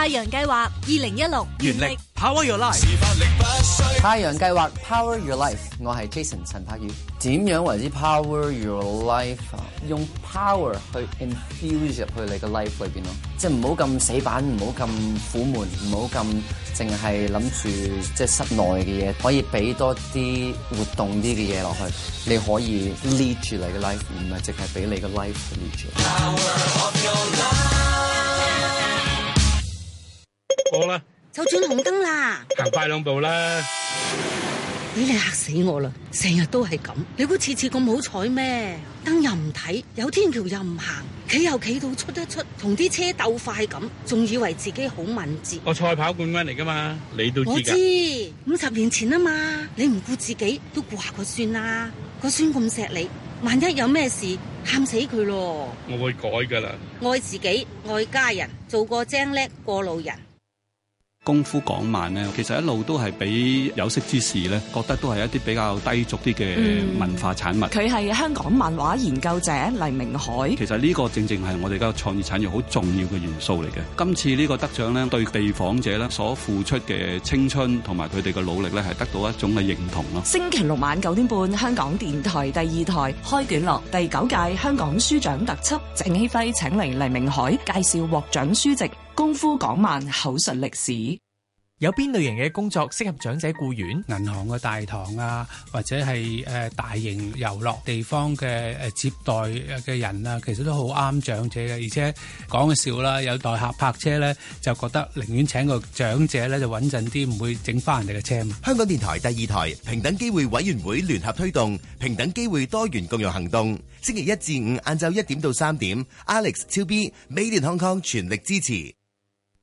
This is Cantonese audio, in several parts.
太陽計劃二零一六，原力，力 Power Your Life，太陽計劃 Power Your Life，我係 Jason 陳柏宇。點樣為之 Power Your Life？用 Power 去 infuse 入去你個 life 裏邊咯，即係唔好咁死板，唔好咁苦悶，唔好咁淨係諗住即係室內嘅嘢，可以俾多啲活動啲嘅嘢落去，你可以 lead 住你嘅 life，唔係淨係俾你嘅 life lead 住。過啦，就轉紅燈啦，行快兩步啦，你嚟吓死我啦！成日都係咁，你估次次咁好彩咩？燈又唔睇，有天橋又唔行，企又企到出得出，同啲車鬥快咁，仲以為自己好敏捷。我賽跑冠軍嚟噶嘛，你都知。我知五十年前啊嘛，你唔顧自己都顧下個孫啦，個孫咁錫你，萬一有咩事，喊死佢咯。我會改噶啦，愛自己，愛家人，做個精叻過路人。功夫港漫咧，其實一路都係俾有識之士咧，覺得都係一啲比較低俗啲嘅文化產物。佢係、嗯、香港漫畫研究者黎明海。其實呢個正正係我哋嘅創意產業好重要嘅元素嚟嘅。今次呢個得獎咧，對被訪者咧，所付出嘅青春同埋佢哋嘅努力咧，係得到一種嘅認同咯。星期六晚九點半，香港電台第二台開卷樂第九屆香港書獎特輯，鄭希輝請嚟黎明海介紹獲獎書籍。功夫港漫口述歷史，有邊類型嘅工作適合長者僱員？銀行個大堂啊，或者係誒大型遊樂地方嘅誒接待嘅人啊，其實都好啱長者嘅。而且講笑啦，有代客泊車咧，就覺得寧願請個長者咧，就穩陣啲，唔會整翻人哋嘅車。香港電台第二台平等機會委員會聯合推動平等機會多元共融行動，星期一至五晏晝一點到三點，Alex 超 B 美聯康康全力支持。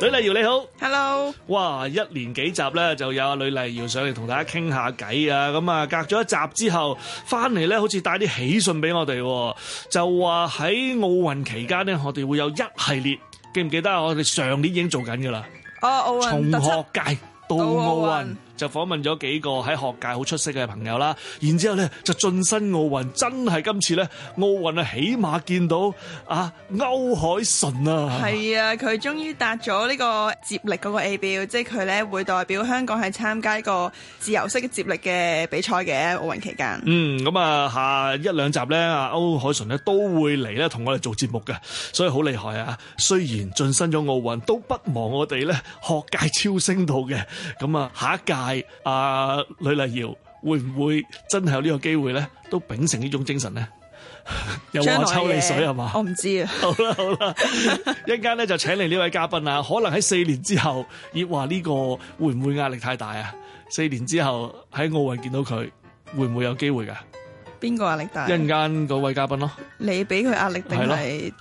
呂麗瑤你好，Hello！哇，一連幾集咧，就有阿呂麗瑤上嚟同大家傾下偈啊！咁啊，隔咗一集之後翻嚟咧，好似帶啲喜訊俾我哋，就話喺奧運期間咧，我哋會有一系列，記唔記得啊？我哋上年已經做緊噶啦，啊，奧運特輯從學界到奧運。Oh, 奧運就訪問咗幾個喺學界好出色嘅朋友啦，然之後咧就晉身奧運，真係今次咧奧運啊，起碼見到啊歐鎧淳啊，係啊，佢終於達咗呢個接力嗰個 A 標，即係佢咧會代表香港係參加一個自由式接力嘅比賽嘅奧運期間，嗯。嗯，咁、嗯、啊下一兩集咧啊歐鎧淳咧都會嚟咧同我哋做節目嘅，所以好厲害啊！雖然晉身咗奧運，都不忘我哋咧學界超星度嘅，咁、嗯、啊下一屆。係阿呂麗瑤會唔會真係有呢個機會咧？都秉承呢種精神咧？ 又話抽你水係嘛？我唔知啊。 好啦好啦，一陣間咧就請嚟呢位嘉賓啊。可能喺四年之後，亦話呢個會唔會壓力太大啊？四年之後喺奧運見到佢，會唔會有機會噶？邊個壓力大？一陣間嗰位嘉賓咯。你俾佢壓力定係？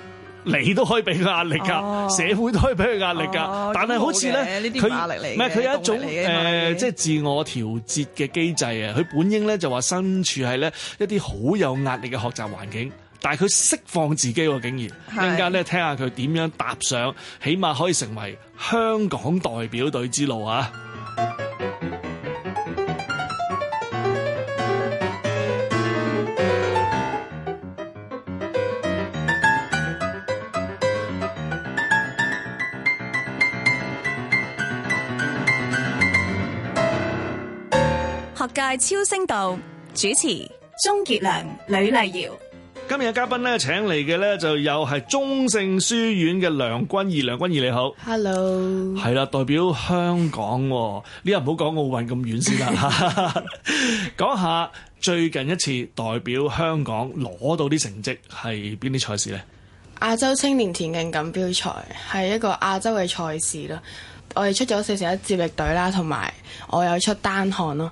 你都可以俾佢壓力㗎，哦、社會都可以俾佢壓力㗎，哦、但係好似咧，佢唔係佢有一種誒，呃、即係自我調節嘅機制啊！佢、嗯嗯、本應咧就話身處係咧一啲好有壓力嘅學習環境，但係佢釋放自己喎，竟然、嗯，陣間咧聽下佢點樣踏上，起碼可以成為香港代表隊之路啊！界超聲道主持鍾杰良、呂麗瑤。今日嘅嘉賓咧，請嚟嘅咧就有係中聖書院嘅梁筠宜。梁筠宜你好，Hello，係啦，代表香港。呢日唔好講奧運咁遠先啦。講 下最近一次代表香港攞到啲成績係邊啲賽事咧？亞洲青年田徑錦標賽係一個亞洲嘅賽事咯。我哋出咗四十一接力隊啦，同埋我有出單項咯。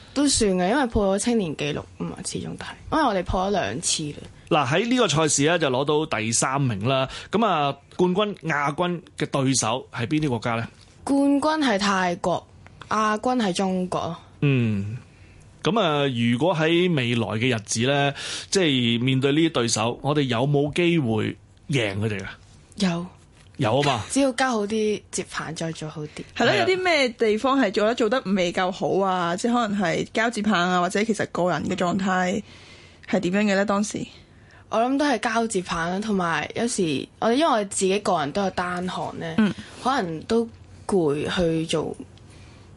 都算嘅，因為破咗青年紀錄啊嘛，始終都係。因為我哋破咗兩次啦。嗱，喺呢個賽事咧就攞到第三名啦。咁啊，冠軍、亞軍嘅對手係邊啲國家呢？冠軍係泰國，亞軍係中國。嗯，咁啊，如果喺未來嘅日子呢，即係面對呢啲對手，我哋有冇機會贏佢哋啊？有。有啊嘛，只要交好啲接棒，再做好啲。係咯，有啲咩地方係做，做得做得未夠好啊？即係可能係交接棒啊，或者其實個人嘅狀態係點樣嘅咧？當時我諗都係交接棒啦，同埋有，有時我因為我自己個人都有單項咧，嗯、可能都攰去做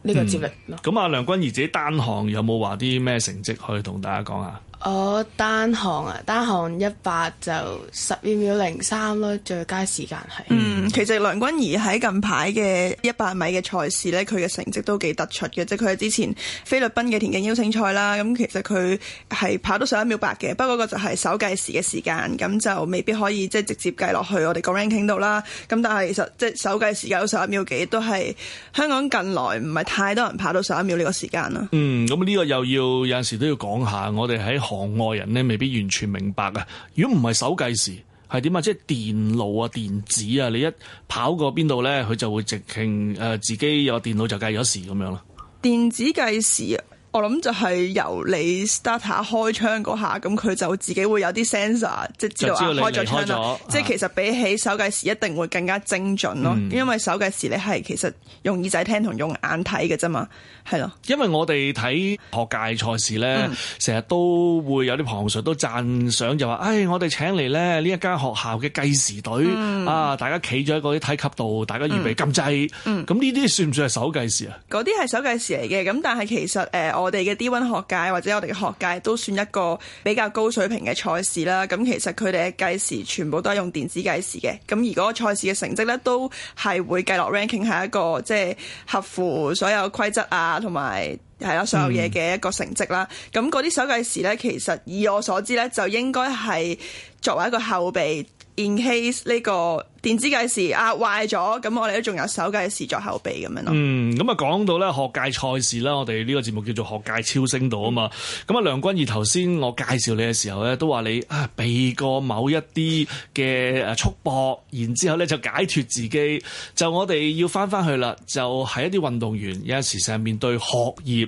呢個接力咯。咁啊、嗯，嗯、梁筠宜自己單項，有冇話啲咩成績可以同大家講下？我、哦、單項啊，單項一百就十二秒零三咯，最佳時間係。嗯，其實梁筠宜喺近排嘅一百米嘅賽事呢，佢嘅成績都幾突出嘅，即係佢係之前菲律賓嘅田徑邀請賽啦。咁其實佢係跑到十一秒八嘅，不過個就係手計時嘅時間，咁就未必可以即係直接計落去我哋個 ranking 度啦。咁但係其實即係手計時間有十一秒幾，都係香港近來唔係太多人跑到十一秒呢個時間啦。嗯，咁呢個又要有陣時都要講下，我哋喺。行外人咧，未必完全明白啊！如果唔係手計時，係點啊？即係電腦啊、電子啊，你一跑過邊度咧，佢就會直情誒，自己有電腦就計咗時咁樣啦。電子計時啊！我諗就係由你 start 下開槍嗰下，咁佢就自己會有啲 sensor，即係知道啊，開咗槍，即係其實比起手計時，一定會更加精準咯。雷因為手計時咧係其實用耳仔聽同用眼睇嘅啫嘛，係咯。因為我哋睇學界賽事咧，成日都會有啲旁述都讚賞，就話，誒，我哋請嚟，咧呢一間學校嘅計時隊、嗯、啊，大家企咗喺嗰啲梯級度，大家預備撳掣、嗯。」咁呢啲算唔算係手計時啊？嗰啲係手計時嚟嘅，咁但係其實誒我。呃我哋嘅 D1 學界或者我哋嘅學界都算一個比較高水平嘅賽事啦。咁其實佢哋嘅計時全部都係用電子計時嘅。咁而個賽事嘅成績呢，都係會計落 ranking 係一個即係、就是、合乎所有規則啊，同埋係啦所有嘢嘅一個成績啦。咁嗰啲手計時呢，其實以我所知呢，就應該係作為一個後備。in case 呢個電子計時壓、啊、壞咗，咁我哋都仲有手計時作後備咁樣咯。嗯，咁啊講到咧學界賽事啦，我哋呢個節目叫做學界超聲度啊嘛。咁啊，梁筠宜頭先我介紹你嘅時候咧，都話你啊避過某一啲嘅誒束縛，然之後咧就解脫自己，就我哋要翻翻去啦，就係一啲運動員有時成日面對學業。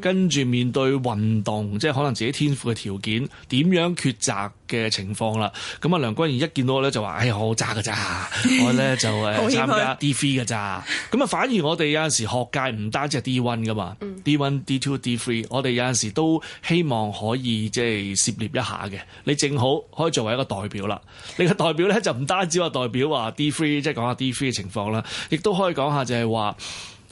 跟住面對運動，即係可能自己天賦嘅條件點樣抉擇嘅情況啦。咁啊，梁筠宜一見到我咧就話： 哎呀，我好渣嘅咋，我咧就誒參 害加 D three 嘅咋。咁啊，反而我哋有陣時學界唔單止係 D one 噶嘛，D one、D two、D three，我哋有陣時都希望可以即係、就是、涉獵一下嘅。你正好可以作為一個代表啦。你嘅代表咧就唔單止話代表話 D three，即係講下 D three 嘅情況啦，亦都可以講下就係話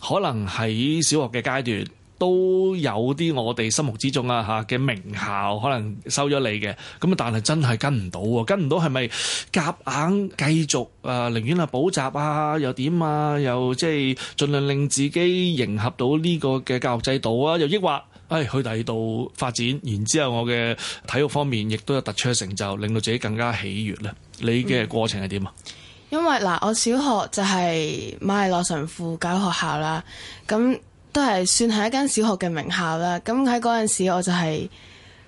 可能喺小學嘅階段。都有啲我哋心目之中啊吓嘅名校，可能收咗你嘅咁啊，但係真係跟唔到，跟唔到係咪夾硬繼續啊？寧願啊補習啊，又點啊？又即係盡量令自己迎合到呢個嘅教育制度啊，又抑或誒去第二度發展？然之後我嘅體育方面亦都有突出嘅成就，令到自己更加喜悅咧。你嘅過程係點啊？因為嗱、呃，我小學就係瑪利諾神父教學校啦，咁。都係算係一間小學嘅名校啦。咁喺嗰陣時我，我就係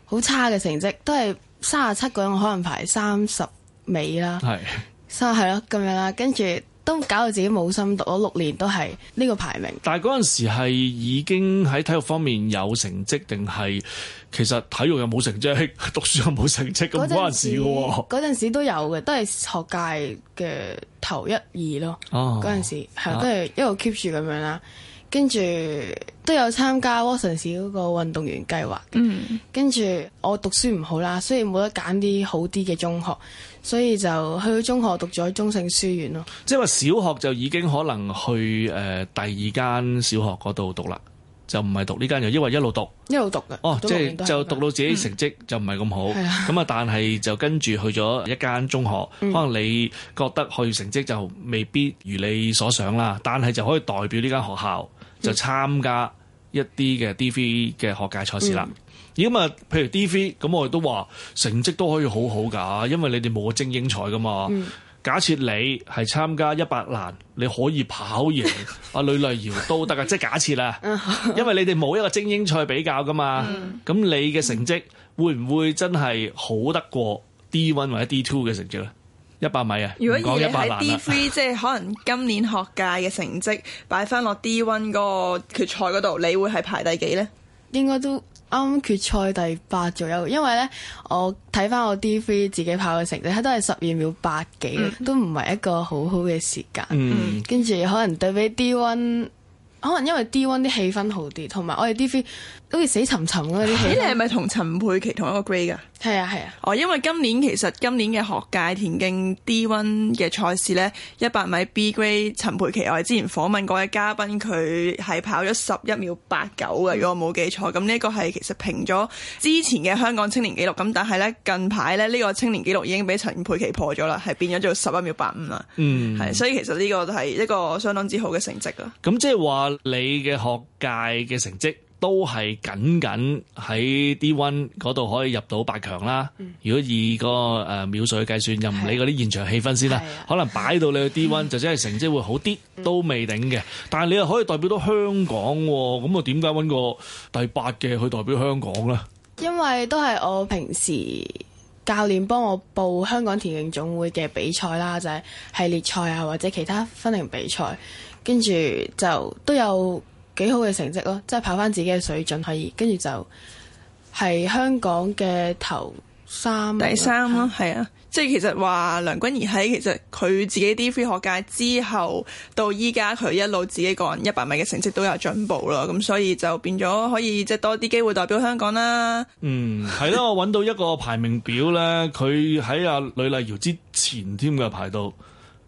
好差嘅成績，都係三十七個人我可能排三十尾啦。係三係咯咁樣啦，跟住都搞到自己冇心讀咗，六年都係呢個排名。但係嗰陣時係已經喺體育方面有成績，定係其實體育又冇成績，讀書又冇成績，咁唔關事嘅。嗰陣時，嗰陣時都有嘅，都係學界嘅頭一、頭一、頭二咯。哦。嗰陣時，係，都係一路 keep 住咁樣啦。跟住都有參加 Watsons 嗰個運動員計劃。嗯、mm，hmm. 跟住我讀書唔好啦，雖然冇得揀啲好啲嘅中學，所以就去咗中學讀咗中聖書院咯。即係話小學就已經可能去誒第二間小學嗰度讀啦，就唔係讀呢間又，因為一路讀一路讀嘅。哦，哦即係是就讀到自己成績、嗯、就唔係咁好。咁啊，但係就跟住去咗一間中學， 可能你覺得去成績就未必如你所想啦，但係就可以代表呢間學校。就參加一啲嘅 D.V. 嘅學界賽事啦。咁啊、嗯，譬如 D.V. 咁我哋都話成績都可以好好㗎，因為你哋冇精英賽㗎嘛。嗯、假設你係參加一百欄，你可以跑贏阿呂 麗瑤都得㗎，即係假設啦。 因為你哋冇一個精英賽比較㗎嘛。咁、嗯、你嘅成績會唔會真係好得過 D One 或者 D Two 嘅成績咧？一百米啊！如果而家喺 D three，即係可能今年學界嘅成績擺翻落 D one 嗰個決賽嗰度，你會係排第幾呢？應該都啱啱決賽第八左右，因為呢，我睇翻我 D three 自己跑嘅成績，都係十二秒八幾，嗯、都唔係一個好好嘅時間。跟住、嗯、可能對比 D one，可能因為 D one 啲氣氛好啲，同埋我哋 D three。好似死沉沉啊！啲你係咪同陳佩琪同一個 grade 噶？係啊，係啊。哦，因為今年其實今年嘅學界田徑 D One 嘅賽事咧，一百米 B Grade 陳佩琪，我哋之前訪問嗰位嘉賓佢係跑咗十一秒八九嘅，如果我冇記錯咁呢個係其實平咗之前嘅香港青年紀錄咁，但係咧近排咧呢個青年紀錄已經俾陳佩琪破咗啦，係變咗做十一秒八五啦。嗯，係所以其實呢個都係一個相當之好嘅成績啊。咁即係話你嘅學界嘅成績。都係僅僅喺 D1 嗰度可以入到八強啦。嗯、如果以個誒秒數去計算，任唔理嗰啲現場氣氛先啦。啊、可能擺到你 D1、嗯、就真係成績會好啲，都未定嘅。嗯、但係你又可以代表到香港、啊，咁我點解揾個第八嘅去代表香港呢？因為都係我平時教練幫我報香港田徑總會嘅比賽啦，就係、是、系列賽啊或者其他分齡比賽，跟住就都有。幾好嘅成績咯，即係跑翻自己嘅水準可以，跟住就係香港嘅頭三、第三咯，係、嗯、啊！即係其實話梁筠宜喺其實佢自己啲 free 學界之後到依家，佢一路自己個人一百米嘅成績都有進步啦，咁所以就變咗可以即係多啲機會代表香港啦。嗯，係啦， 我揾到一個排名表咧，佢喺阿呂麗瑤之前添嘅排到。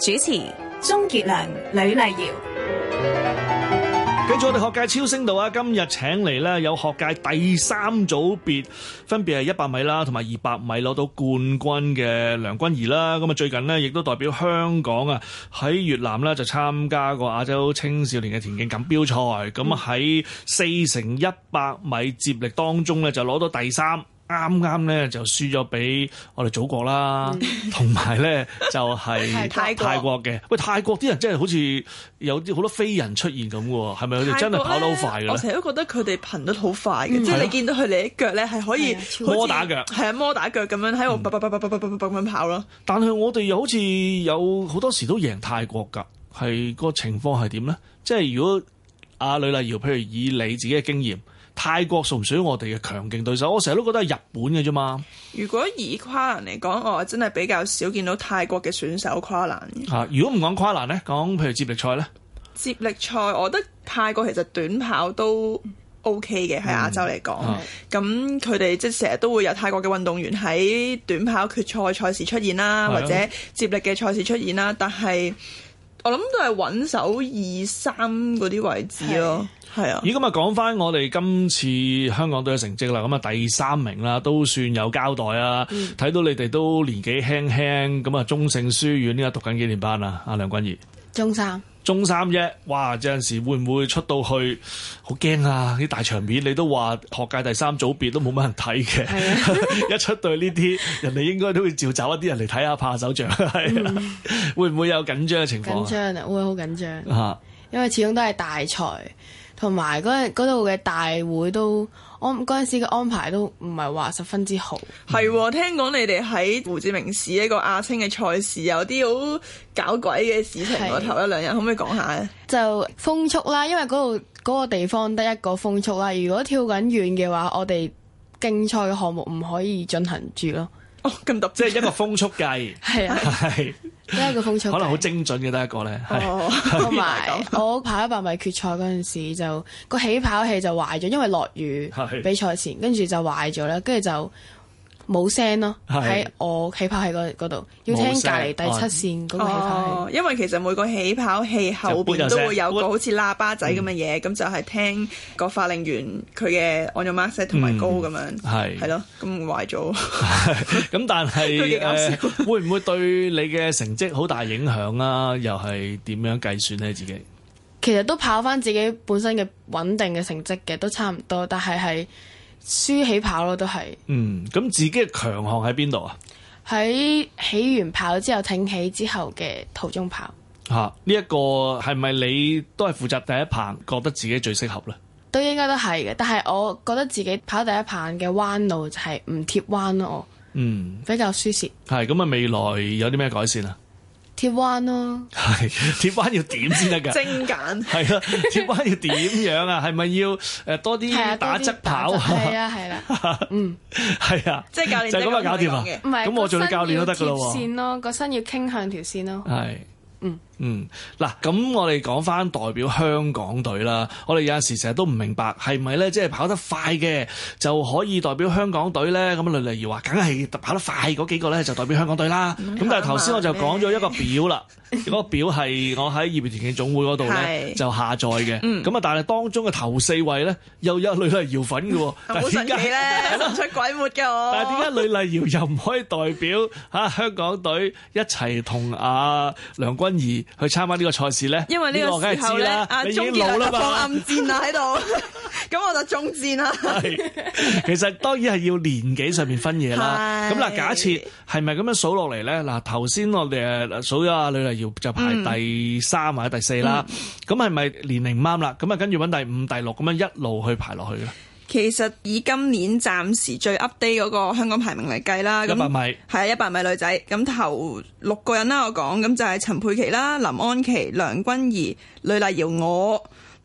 主持鍾傑良、呂麗瑤。繼續我哋學界超聲道啊！今日請嚟咧有學界第三組別，分別係一百米啦，同埋二百米攞到冠軍嘅梁筠宜啦。咁啊，最近呢，亦都代表香港啊，喺越南呢就參加過亞洲青少年嘅田徑錦標賽。咁喺四乘一百米接力當中呢，就攞到第三。啱啱咧就輸咗俾我哋祖國啦，同埋咧就係、是、 泰國嘅。喂，泰國啲人真係好似有啲好多飛人出現咁喎，係咪佢哋真係跑得好快咧？我成日都覺得佢哋頻率好快嘅，嗯、即係你見到佢哋啲腳咧係可以摩打腳，係啊，摩打腳咁樣喺度，叭叭叭叭叭叭叭咁樣跑咯。但係我哋又好似有好多時都贏泰國㗎，係個情況係點咧？即係如果阿呂麗瑤，譬如以你自己嘅經驗。泰國屬唔屬我哋嘅強勁對手？我成日都覺得係日本嘅啫嘛。如果以跨欄嚟講，我真係比較少見到泰國嘅選手跨欄。嚇、啊！如果唔講跨欄呢，講譬如接力賽呢？接力賽，我覺得泰國其實短跑都 OK 嘅，喺、嗯、亞洲嚟講。咁佢哋即係成日都會有泰國嘅運動員喺短跑決賽賽事出現啦，的或者接力嘅賽事出現啦，但係，我諗都係穩手二三嗰啲位置咯，係是啊。而咁啊，講翻我哋今次香港隊嘅成績啦，咁啊第三名啦，都算有交代啊。睇、嗯、到你哋都年紀輕輕，咁啊中聖書院呢家讀緊幾年班啊？阿梁筠宜，中三。中三啫，哇！有陣時會唔會出到去好驚啊？啲大場面，你都話學界第三組別都冇乜人睇嘅，是啊、 一出到呢啲，人哋應該都會召集一啲人嚟睇下拍下手掌。係啦、啊。嗯、會唔會有緊張嘅情況啊？緊張啊！會好緊張啊！因為始終都係大賽。同埋嗰度嘅大會都安陣時嘅安排都唔係話十分之好。係喎、嗯，聽講你哋喺胡志明市一個亞青嘅賽事有啲好搞鬼嘅事情喎的，頭一兩日可唔可以講下咧？就風速啦，因為嗰度嗰個地方得一個風速啦。如果跳緊遠嘅話，我哋競賽嘅項目唔可以進行住咯。咁突，即係、哦、 一個風速計，係 啊，係是，一個風速計，可能好精準嘅，得一個咧，哦，同埋我跑一百米決賽嗰陣時就個起跑器就壞咗，因為落雨，是比賽前，跟住就壞咗啦，跟住就。冇聲咯，喺是我起跑器嗰度，要聽隔籬第七線嗰個起跑器、哦。因為其實每個起跑器後邊都會有個好似喇叭仔咁嘅嘢，咁、嗯、就係聽個發令員佢嘅 on your mark set 同埋高咁樣，係係咯，咁壞咗。咁 但係是 會唔會對你嘅成績好大影響啊？又係點樣計算呢？自己 其實都跑翻自己本身嘅穩定嘅成績嘅，都差唔多，但係係。輸起跑咯，都係。嗯，咁自己嘅強項喺邊度啊？喺起完跑之後挺起之後嘅途中跑。吓、啊、呢、這、一個係咪你都係負責第一棒？覺得自己最適合咧？都應該都係嘅，但係我覺得自己跑第一棒嘅彎路就係唔貼彎咯，嗯，比較輸蝕。係咁啊！未來有啲咩改善啊？鐵彎咯 彎，係鐵彎要點先得噶？精簡係啦，鐵彎要點樣啊？係咪要誒多啲打側跑啊？係啊， 係 啦， 嗯，係啊，即係教練就咁就搞掂啦。唔係，咁我做咗教練都得噶啦。線咯，個身要傾向條線咯。係是，嗯。嗯，嗱，咁我哋講翻代表香港隊啦。我哋有陣時成日都唔明白，係咪咧，即係跑得快嘅就可以代表香港隊咧？咁呂麗瑤話，梗係跑得快嗰幾個咧，就代表香港隊啦。咁、嗯、但係頭先我就講咗一個表啦，嗰、那個表係我喺業餘田徑總會嗰度咧就下載嘅。咁啊、嗯，但係當中嘅頭四位咧，又有女都係搖粉嘅喎。咁點解咧？出鬼沒㗎喎。 但係點解呂麗瑤又唔可以代表嚇香港隊一齊同阿梁筠宜？去參加呢個賽事咧，因為呢個時候咧，啊、你已經老啦嘛，放暗箭啊喺度，咁 我就中箭啦。 其實當然係要年紀上面分嘢啦。咁嗱是，假設係咪咁樣數落嚟咧？嗱，頭先我哋數咗阿呂麗瑤就排第三或者第四啦、嗯。咁係咪年齡唔啱啦？咁啊，跟住揾第五、第六咁樣一路去排落去咧。其實以今年暫時最 update 嗰個香港排名嚟計啦，一百米係一百米女仔，咁頭六個人啦，我講咁就係陳佩琪啦、林安琪、梁筠宜、呂麗瑤、我。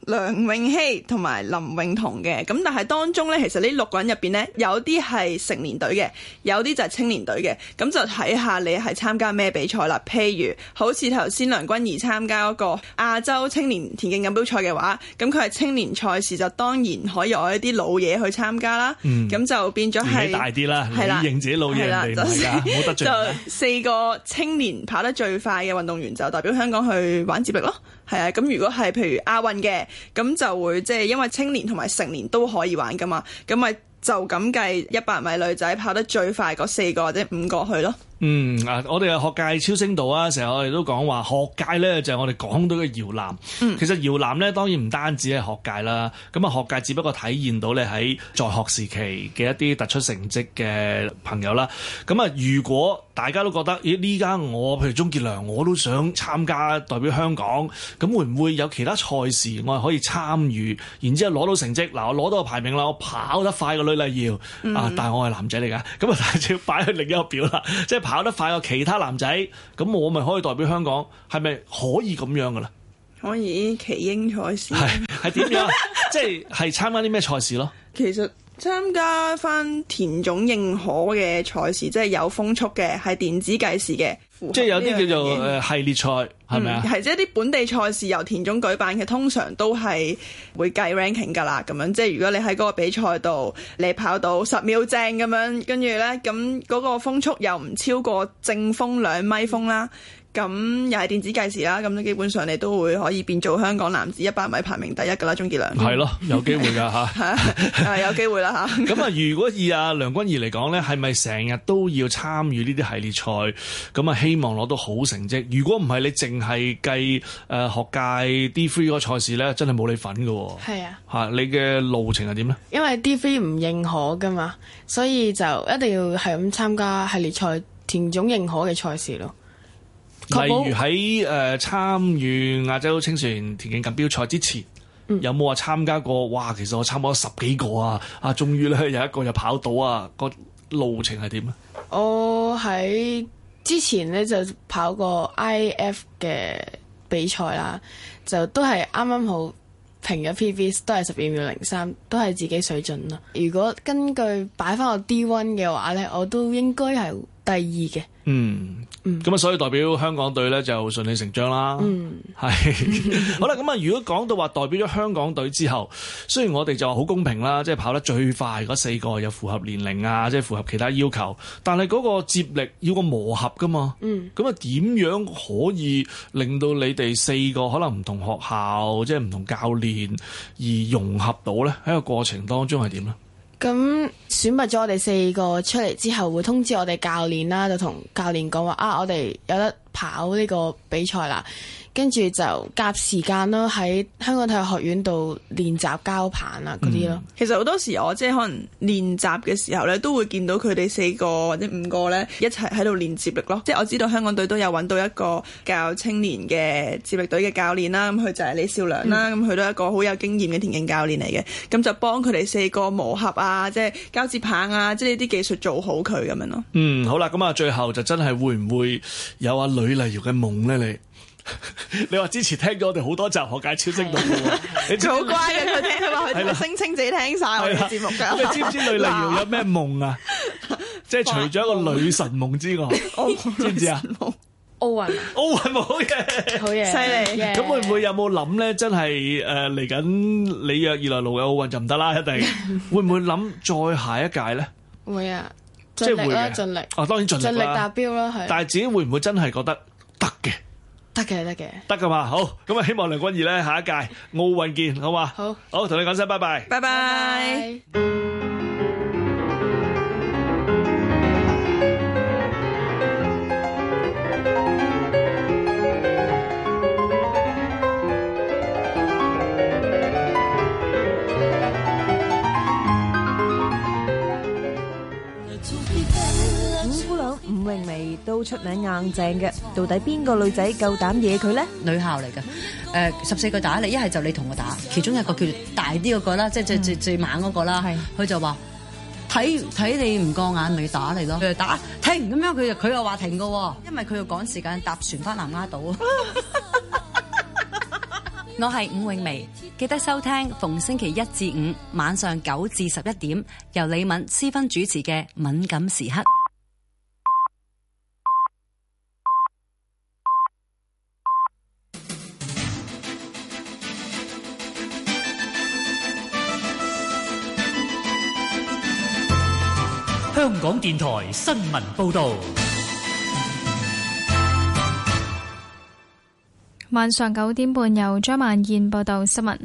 梁泳熙同埋林永彤嘅，咁但係當中咧，其實呢六個人入邊咧，有啲係成年隊嘅，有啲就係青年隊嘅，咁就睇下你係參加咩比賽啦。譬如好似頭先梁筠宜參加嗰個亞洲青年田徑錦標賽嘅話，咁佢係青年賽事，就當然可以愛一啲老嘢去參加、嗯、啦。咁就變咗係大啲啦，係啦，認自己老嘢嚟啦，唔、就、好、是、得罪啦。就四個青年跑得最快嘅運動員就代表香港去玩接力咯。係啊，咁如果係譬如亞運嘅，咁就會即係因為青年同埋成年都可以玩㗎嘛，咁咪就咁計一百米女仔跑得最快嗰四個或者五個去咯。嗯啊，我哋嘅學界超聲道啊，成日我哋都講話學界咧就係、是、我哋講到嘅搖籃。嗯、其實搖籃咧當然唔單止係學界啦。咁、嗯、啊學界只不過體現到你喺在，在學時期嘅一啲突出成績嘅朋友啦。咁、嗯、啊，嗯、如果大家都覺得咦呢家我譬如鍾傑良，我都想參加代表香港，咁會唔會有其他賽事我係可以參與，然之後攞到成績嗱、啊、我攞到個排名啦，我跑得快個女嚟搖啊，但係我係男仔嚟嘅，咁啊就擺去另一個表啦，即係。跑得快過其他男仔，咁我咪可以代表香港？係咪可以咁樣噶啦？可以奇英賽事係，係點樣？即係、 就是，係參加啲咩賽事咯？其實，參加翻田總認可嘅賽事，即係有風速嘅，係電子計時嘅。符即係有啲叫做系列賽係咪啊？係即係啲本地賽事由田總舉辦嘅，通常都係會計 ranking 噶啦。咁樣即係如果你喺嗰個比賽度，你跑到十秒正咁樣，跟住呢，咁嗰個風速又唔超過正風兩米風啦。嗯咁又係電子計時啦，咁都基本上你都會可以變做香港男子一百米排名第一噶啦。鍾傑良係咯，有機會噶嚇，係 有機會啦嚇。咁啊，如果以阿梁筠宜嚟講咧，係咪成日都要參與呢啲系列賽？咁啊，希望攞到好成績。如果唔係，你淨係計誒學界 D three 個賽事咧，真係冇你份噶喎。係啊的，嚇你嘅路程係點咧？因為 D three 唔認可噶嘛，所以就一定要係咁參加系列賽田總認可嘅賽事咯。例如喺誒參與亞洲青少年田徑錦標賽之前，嗯、有冇話參加過？哇，其實我參加咗十幾個啊！啊，終於咧有一個又跑到啊，個路程係點啊？我喺之前咧就跑過 I F 嘅比賽啦，就都係啱啱好平咗 P V，都係十二秒零三，都係自己水準啦。如果根據擺翻個 D one 嘅話咧，我都應該係第二嘅。嗯，咁啊、嗯，所以代表香港隊咧就順理成章啦。嗯，係 好啦。咁啊，如果講到話代表咗香港隊之後，雖然我哋就好公平啦，即係跑得最快嗰四個又符合年齡啊，即係符合其他要求，但係嗰個接力要個磨合噶嘛。嗯，咁啊，點樣可以令到你哋四個可能唔同學校，即係唔同教練而融合到咧？喺個過程當中係點咧？咁選拔咗我哋四個出嚟之後，會通知我哋教練啦，就同教練講話啊，我哋有得跑呢個比賽啦。跟住就夾時間咯，喺香港體育學院度練習交棒啊嗰啲咯。嗯、其實好多時我即係可能練習嘅時候咧，都會見到佢哋四個或者五個咧一齊喺度練接力咯。即係我知道香港隊都有揾到一個教青年嘅接力隊嘅教練啦，咁佢就係李少良啦，咁佢都係一個好有經驗嘅田徑教練嚟嘅，咁就幫佢哋四個磨合啊，即係交接棒啊，即係呢啲技術做好佢咁樣咯。嗯，好啦，咁啊，最後就真係會唔會有阿呂麗瑤嘅夢咧？你？你話之前聽咗我哋好多集《學界超聲道》嘅，你好乖嘅，佢聽佢話，佢聲稱自己聽晒我哋節目嘅。你知唔知女麗有咩夢啊？即係除咗一個女神夢之外，知唔知啊？奧運，奧運好嘅，好嘢，犀利。咁會唔會有冇諗咧？真係誒嚟緊里約二零路嘅奧運就唔得啦，一定。會唔會諗再下一屆咧？會啊，盡力啦，盡力。哦，當然盡力啦，盡力達標啦，係。但係自己會唔會真係覺得得嘅？得嘅，得嘅，得㗎嘛， 好，咁啊，希望梁筠宜咧，下一屆奧運見，好嘛？好，好，同你講聲，拜拜，拜拜。都出名硬淨嘅，到底邊個女仔夠膽惹佢咧？女校嚟嘅。誒、呃，十四個打你，一係就你同我打，其中一個叫大啲嗰個啦，即係最最、嗯、最猛嗰、那個啦，佢就話睇睇你唔過眼咪打你咯，佢就打，停咁樣，佢就佢又話停噶，因為佢要趕時間搭船翻南丫島。 我係伍詠薇，記得收聽逢星期一至五晚上九至十一點，由李敏、施芬主持嘅《敏感時刻》。香港電台新聞報導。晚上九點半，由張萬燕報導新聞。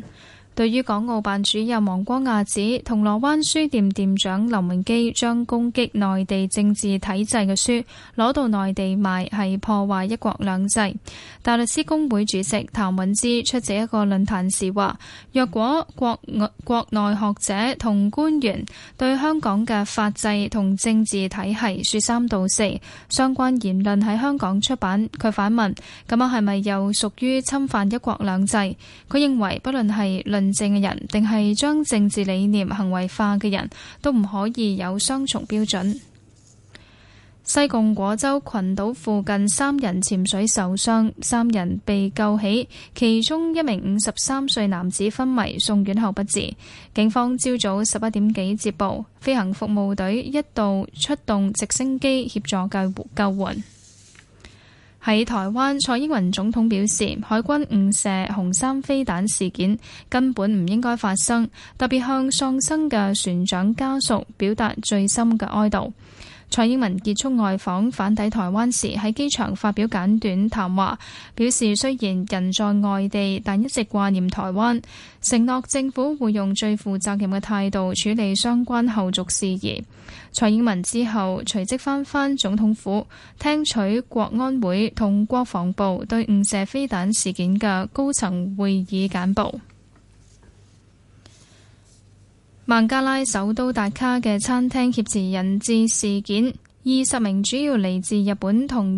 對於港澳辦主任王光亞指銅鑼灣書店店長劉明基將攻擊內地政治體制嘅書攞到內地賣係破壞一國兩制，大律師公會主席譚允芝出席一個論壇時話：若果國、呃、國內學者同官員對香港嘅法制同政治體系説三道四，相關言論喺香港出版，佢反問：咁樣係咪又屬於侵犯一國兩制？佢認為，不論係論。正嘅人，定係將政治理念行為化嘅人都唔可以有雙重標準。西貢果洲群島附近，三人潛水受傷，三人被救起，其中一名五十三歲男子昏迷送院後不治。警方朝早十一點幾接報，飛行服務隊一度出動直升機協助救救援。喺台灣，蔡英文總統表示，海軍誤射雄三飛彈事件根本唔應該發生，特別向喪生嘅船長家屬表達最深嘅哀悼。蔡英文結束外訪返抵台灣時，喺機場發表簡短談話，表示雖然人在外地，但一直掛念台灣，承諾政府會用最負責任嘅態度處理相關後續事宜。蔡英文之後隨即翻返總統府，聽取國安會同國防部對誤射飛彈事件嘅高層會議簡報。孟加拉首都達卡嘅餐廳挾持人質事件，二十名主要嚟自日本同。